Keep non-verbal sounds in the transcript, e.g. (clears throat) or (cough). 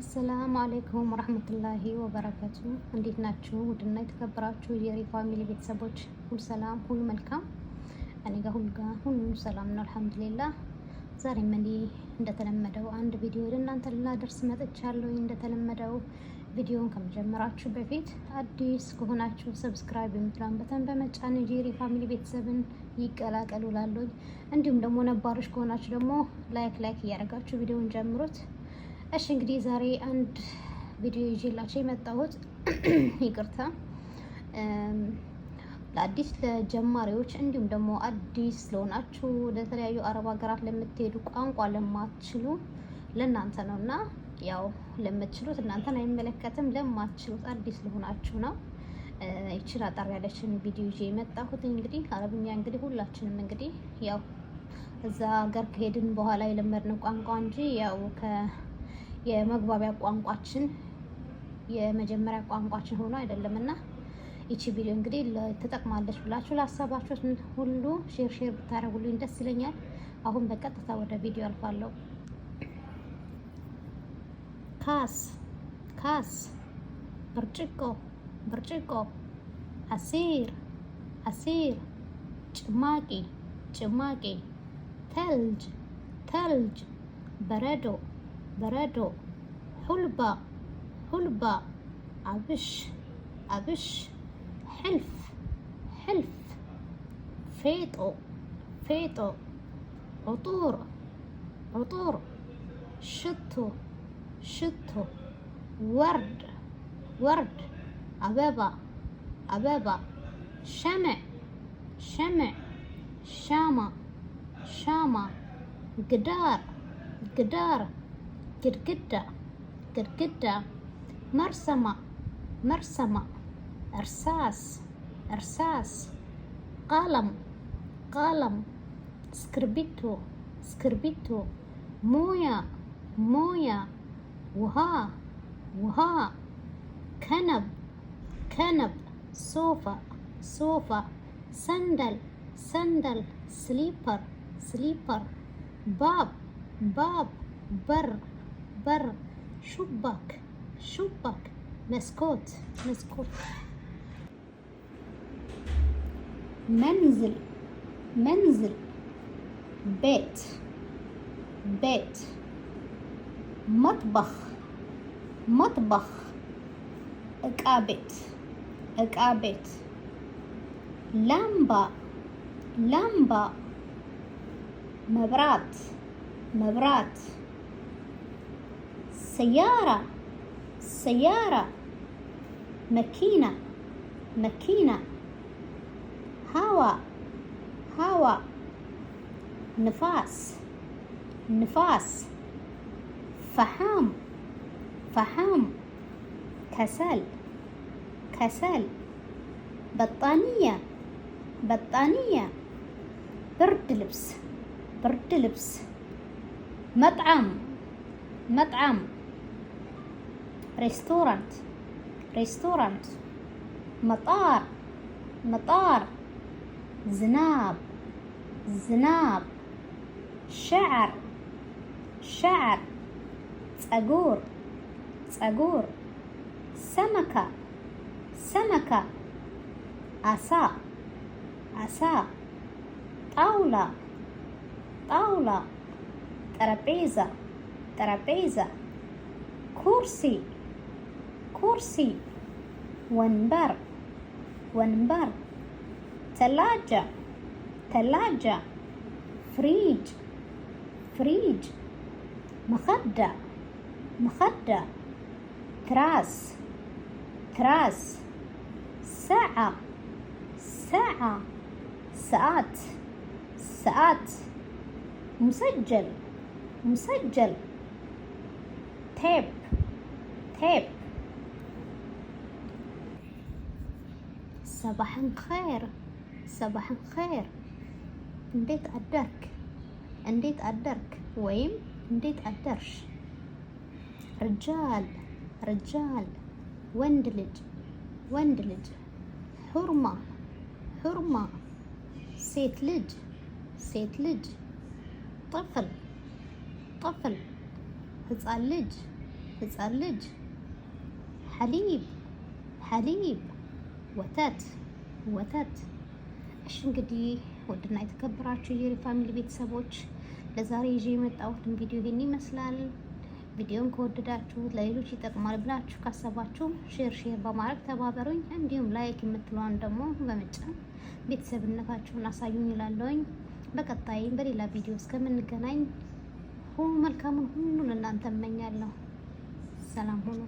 አሰላሙ አለይኩም ወረህመቱላሂ ወበረከቱ። እንዴት ናችሁ? ውድና የተከበራችሁ የሪ ፋሚሊ ቤተሰቦች ሁሉ ሰላም፣ ሁሉ መልካም። እኔ ጋር ሁሉ ጋር ሁሉ ሰላም ነው አልሐምዱሊላህ። ዛሬም እኔ እንደተለመደው አንድ ቪዲዮ ወደ እናንተ ላደርስ መጥቻለሁ። እንደተለመደው ቪዲዮን ከመጀመራችሁ በፊት አዲስ ከሆናችሁ ሰብስክራይብ የምትለውን በተን በመጫን የሪ ፋሚሊ ቤተሰብን ይቀላቀሉ ላለኝ፣ እንዲሁም ደግሞ ነባሮች ከሆናችሁ ደግሞ ላይክ ላይክ እያደረጋችሁ ቪዲዮን ጀምሩት። እሺ እንግዲህ ዛሬ አንድ ቪዲዮ ይዤላችሁ የመጣሁት (clears throat) ይቅርታ፣ ለአዲስ ለጀማሪዎች እንዲሁም ደግሞ አዲስ ለሆናችሁ ለተለያዩ አረብ ሀገራት ለምትሄዱ ቋንቋ ለማትችሉ ለእናንተ ነው እና ያው ለምትችሉት እናንተን አይመለከትም፣ ለማትችሉት አዲስ ለሆናችሁ ነው። ይችን አጠር ያለችን ቪዲዮ ይዤ የመጣሁት እንግዲህ አረብኛ እንግዲህ ሁላችንም እንግዲህ ያው እዛ ሀገር ከሄድን በኋላ የለመድነው ቋንቋ እንጂ ያው የመግባቢያ ቋንቋችን የመጀመሪያ ቋንቋችን ሆኖ አይደለም እና ይቺ ቪዲዮ እንግዲህ ትጠቅማለች ብላችሁ ለሀሳባችሁን ሁሉ ሼር ሼር ብታደርጉልኝ ደስ ይለኛል። አሁን በቀጥታ ወደ ቪዲዮ አልፋለሁ። ካስ ካስ፣ ብርጭቆ ብርጭቆ፣ አሲር አሲር፣ ጭማቂ ጭማቂ፣ ተልጅ ተልጅ፣ በረዶ برادو حلبة حلبة عبش عبش حلف حلف فيتو فيتو عطور عطور شتو شتو ورد ورد عبابة عبابة شمع شمع شامة شامة قدار قدار கிர்கிட்டா கிர்கிட்டா مرسمة مرسمة إرساس إرساس قلم قلم سكربيتو سكربيتو مويا مويا وها وها كنب كنب سوفا سوفا سندل سندل سليبر سليبر باب باب بر برا شباك شباك مسكوت مسكوت منزل منزل بيت بيت مطبخ مطبخ እቃ ቤት لمبة لمبة مبرات مبرات سيارة سيارة ماكينة ماكينة هواء هواء نفاس نفاس فحام فحام كسل كسل بطانية بطانية برد لبس برد لبس مطعم مطعم ريستورانت ريستورانت مطار مطار زناب زناب شعر شعر تأجور تأجور سمكة سمكة عصا عصا طاولة طاولة ترابيزة ترابيزة كرسي كرسي ونبر ونبر ثلاجة ثلاجة فريج فريج مخدة مخدة تراس تراس ساعة ساعة ساعات ساعات مسجل مسجل تيب تيب صباح الخير صباح الخير نديت الدرك نديت الدرك ويم نديت الدرش رجال رجال وندلج وندلج حرمة حرمة سيت لج سيت لج طفل طفل هزال لج حليب حليب ወተት ወተት። እሺ እንግዲህ ውድና የተከበራችሁ የፋሚሊ ቤተሰቦች ለዛሬ ይዤ የመጣሁትን ቪዲዮ ይሄን ይመስላል። ቪዲዮን ከወደዳችሁ ለሌሎች ይጠቅማል ብላችሁ ካሰባችሁ ሼር ሼር በማድረግ ተባበሩኝ። እንዲሁም ላይክ የምትለዋን ደግሞ በመጫን ቤተሰብነታችሁን አሳዩኝ ይላለውኝ። በቀጣይ በሌላ ቪዲዮ እስከምንገናኝ ሁሉ መልካሙን ሁሉን እናንተ እመኛለሁ። ሰላም ሁኑ።